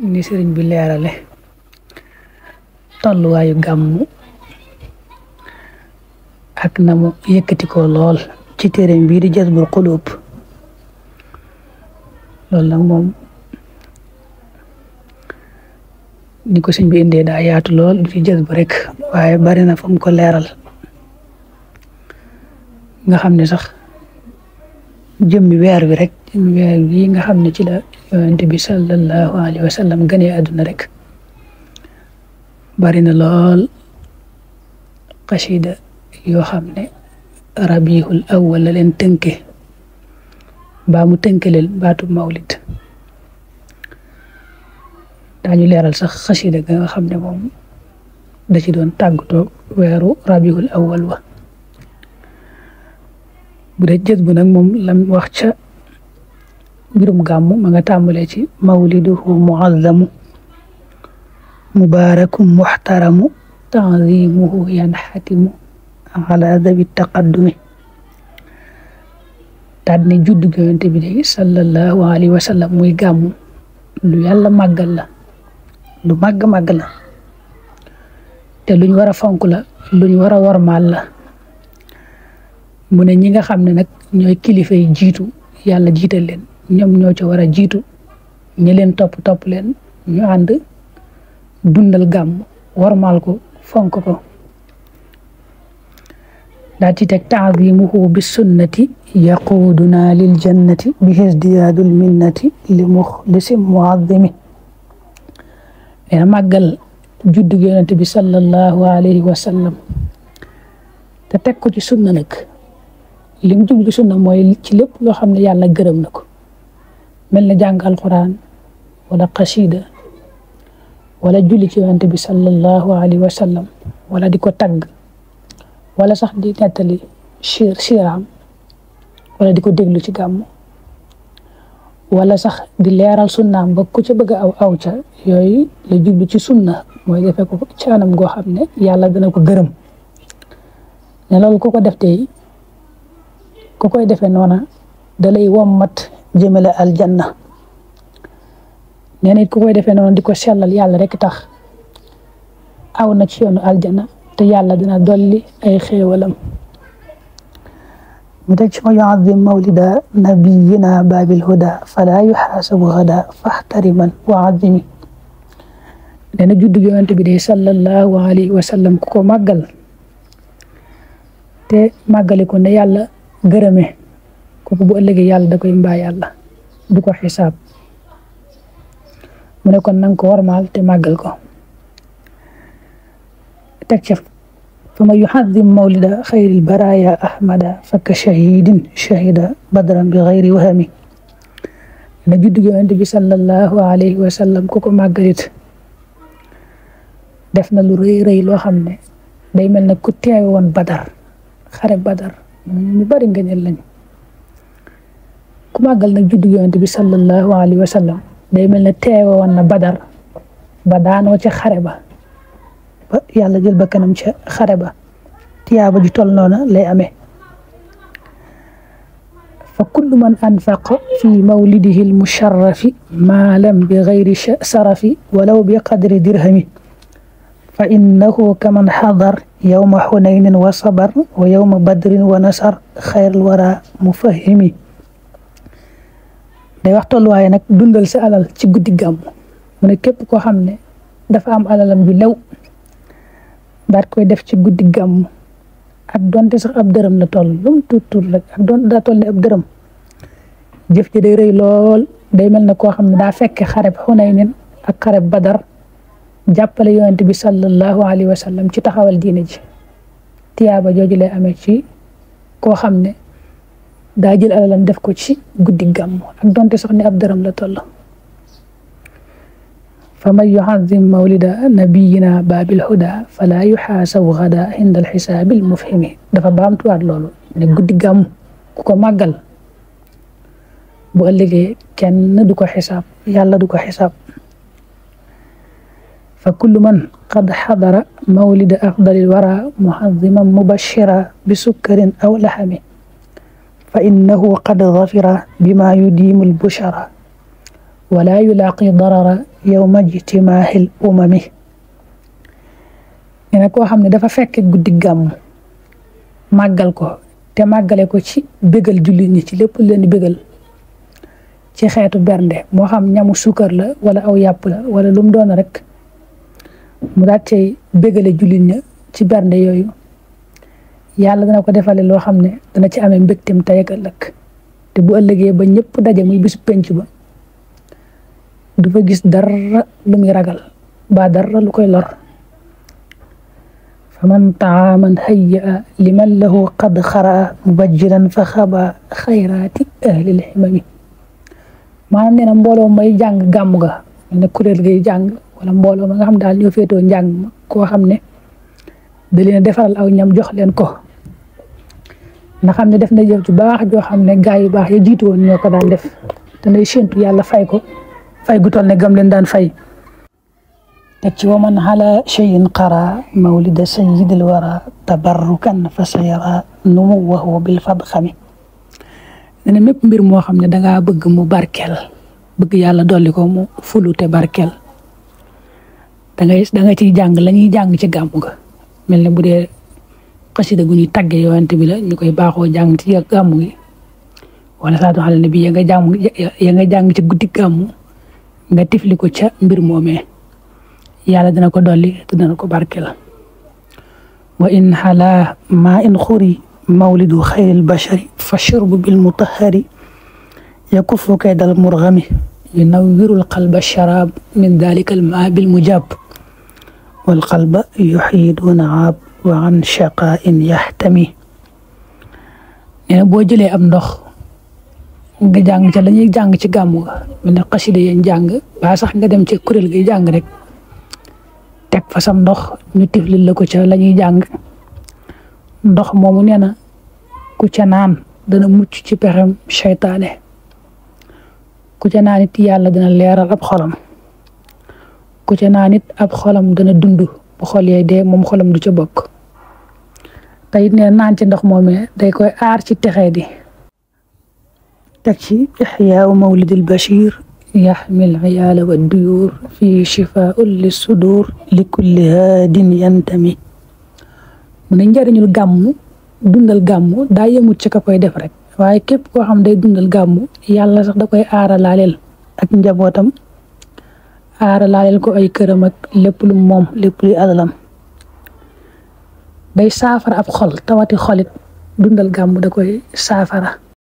ni sëriñ bi leerale tolluwaayu gàmmu ak na mu yëkkati ko lool ci téereem bii di Jazbul Quluub loolu nag moom ni ko sëñ bi indee daa yaatu lool du ci jazbu rek waaye bari na fa ko leeral nga xam ne sax jëmmi weer wi rek weer wi nga xam ne ci la yonent bi sallallahu alayhi wa sallam gënee àdduna rek bari na lool xasida yoo xam ne rabihul awwal la leen tënke baa mu tënke leen baatu mawlid daañu leeral sax xasida ga nga xam ne moom da ci doon tàggatoo weeru rabihul awwal wa bu dee jës bu nag moom lam wax ca mbirum gàmmu ma nga tàmbalee ci mawliduhu muazzamu mubarakum muxtaramu tanzimuhu yanxatimu ala dabi taqaddumi daal ne juddu yonent bi de sallallahu alayhi wa sallam muy gàmmu lu yàlla màggal la lu màgg màgg la te luñ war a fonk la luñ war a warmaal la mu ne ñi nga xam ne nag ñooy kilifa yi jiitu yàlla jiital leen ñoom ñoo ci war a jiitu ñi leen topp topp leen ñu ànd dundal gàmm warmaal ko fonk ko daa ci teg taazimuhu bi sunnati yaquduna lil jannati bi hisdiyadul minnati li muxlisi muazimi nee na màggal juddu yonent bi sallallahu alayhi wa sallam te teg ko ci sunna nag li mu jublu sunna mooy ci lépp loo xam ne yàlla gërëm na ko mel na jàng alquran wala xasida wala julli ci yonent bi sallallahu alayhi wa wala di ko tagg wala sax di nettali siir siiraam wala di ko déglu ci gàmm wala sax di leeral sunnaam ba ku ca bëgg aw aw ca yooyu la jublu ci sunna mooy defee ko ci anam goo xam ne yàlla dana ko gërëm ne loolu ku ko def tey ku koy defee noona dalay wommat jëmale aljanna nee na it ku koy defee noona di ko sellal yàlla rek tax aw na ci yoonu aljanna te yàlla dina dolli ay xéewalam mu teg ci ma yuazim mawlida nabiyina baabil huda fala yuxaasabu gada faxtariman wa azimi nee na juddu yonent bi day sallallahu alayhi wa sallam ku ko màggal te màggale ko ne yàlla gërëme kooku bu ëllëgee yàlla da koy mbaa yàlla du ko xisaab mu ne kon nanga ko warmaal te màggal ko teg ca fa ma yuxadim mawlida xayril baraya ahmada fakka shahidin shahida badran bi xayri wahami na judd gi yonent bi sallallahu alayhi wa sallam ku ko màggalit def na lu rëy rëy loo xam ne day mel ne ku teewe woon badar xare badar ñu bari ngëneel lañu ku màggal nag juddu yonent bi sallallahu alayhi wa sallam day mel ne teewe woon na badar ba daanoo ca xare ba ba yàlla jël ba kanam ca xare ba tiyaaba ju tol noona lay amee fa kullu man anfaqa fi mawlidihi almusharrafi maalam bi gayri sarafi walaw bi qadri dirhami فإنه كمن حضر يوم حنين وصبر ويوم بدر ونصر خير الورى مفهمي day wax tolluwaaye nag dundal sa alal ci guddi gàmmu mu ne képp koo xam ne dafa am alalam bi lew daat koy def ci guddi gàmmu ak donte sax ab dërëm la toll lu mu tuut tuut rek ak donte daa toll ne ab dërëm jëf ji day rëy lool day mel ne koo xam ne daa fekke xareb Xunayn ak xareb Badar jàppale yonent bi sallallahu alayhi wa sallam ci taxawal diine ji tiyaaba jooju lay amee ci koo xam ne daa jël alalam def ko ci guddi gàmmu ak donte sax ne ab dërëm la toll fa man yuazim mawlida nabiyina baabil huda fala yuxaasabu gada inda alxisaabil mufhimi dafa baamtuwaat loolu ne guddi gàmmu ku ko màggal bu ëllëgee kenn du ko xisaab yàlla du ko xisaab فكل من قد حضر مولد أفضل الورى محظما مبشرا بسكر أو لحم فإنه قد ظفر بما يديم البشرى ولا يلاقي ضرر يوم اجتماع الأمم ne koo xam ne dafa fekk guddi gàmm màggal ko te màggale ko ci bégal jullit ñi ci lépp leen di bégal ci xeetu bernde moo xam ñamu sukkar la wala aw yàpp la wala lu mu doon rek mu daal tey bégale jullit ci bernde yooyu yàlla dana ko defale loo xam ne dana ci amee mbégtem tey ak ëllëg te bu ëllëgee ba ñëpp daje muy bis penc ba dufa gis dara lu muy ragal ba dara lu koy lor fa man taaman hayya liman lahu qad xara mubajjilan fa xaba xayraati ahlil ximami maanaam nee na mbooloo may jàng gàmm ga ne kuréel jàng wala mbooloo ma nga xam daal ñoo féetoo njàng ma koo xam ne da leen defaral aw ñam jox leen ko nga xam ne def na jëf ju baax yu baax ya ko daan def te nay séntu fay ko fay gu toll ne gam leen daan fay teg ci waman ala cheyin qara mawlida sayidil wara tabarrukan fa sayara numu waxu bil fadxami ne mépp mbir moo xam ne dangaa bëgg mu barkel bëgg ala dolli ko mu fulute barkel da ngay da nga ciy jàng la ñuy jàng ci gàmmu ga mel ne bu dee xasida gu ñuy tàgge yonent bi la ñu koy baaxoo jàng ci gàmmu gi wala salaatu ala nabi ya nga jàng ya nga jàng ci guddi gàmmu nga tifliko ko ca mbir moomee yàlla dina ko dolli te dina ko barke la wa in xalaa ma in xuri mawlidu xayril bashari fa shurbu bil mutahari yakuffu kaydal murgami yunawwirul qalba sharaab min dalika al maa bil mujab والقلب يحيي دون عاب وعن شقاء يحتمي in بو nee ام boo nga jàng ci lañuy jàng ci gamu min mel yéen jàng ba sax nga dem ci kurel gi jàng rek tek fa sam ndox ñu tifli la ko ci lañuy jàng ndox momu neena ku ci naan dana mucc ci pexem shaytané ku ci naan ti yàlla dana leral ab xolam ko ci naan it ab xolam gëna dund bu xol yee dee moom xolam du ca bokk te it ne naan ci ndox moomee day koy aar ci texee di teg ci ixyaaw mawlid al bashir يحمي العيال والديور في شفاء للصدور لكل هاد ينتمي من نجار نيو غامو دوندال غامو دا يموت سي كاكوي ديف رك واي كيب كو خام داي دوندال غامو يالا صاح داكوي ارالالل اك نجابوتام aaralaaleel ko ay këram ak lépp lu moom lépp luy alalam day saafara ab xol tawati xolit dundal gàmm da koy saafara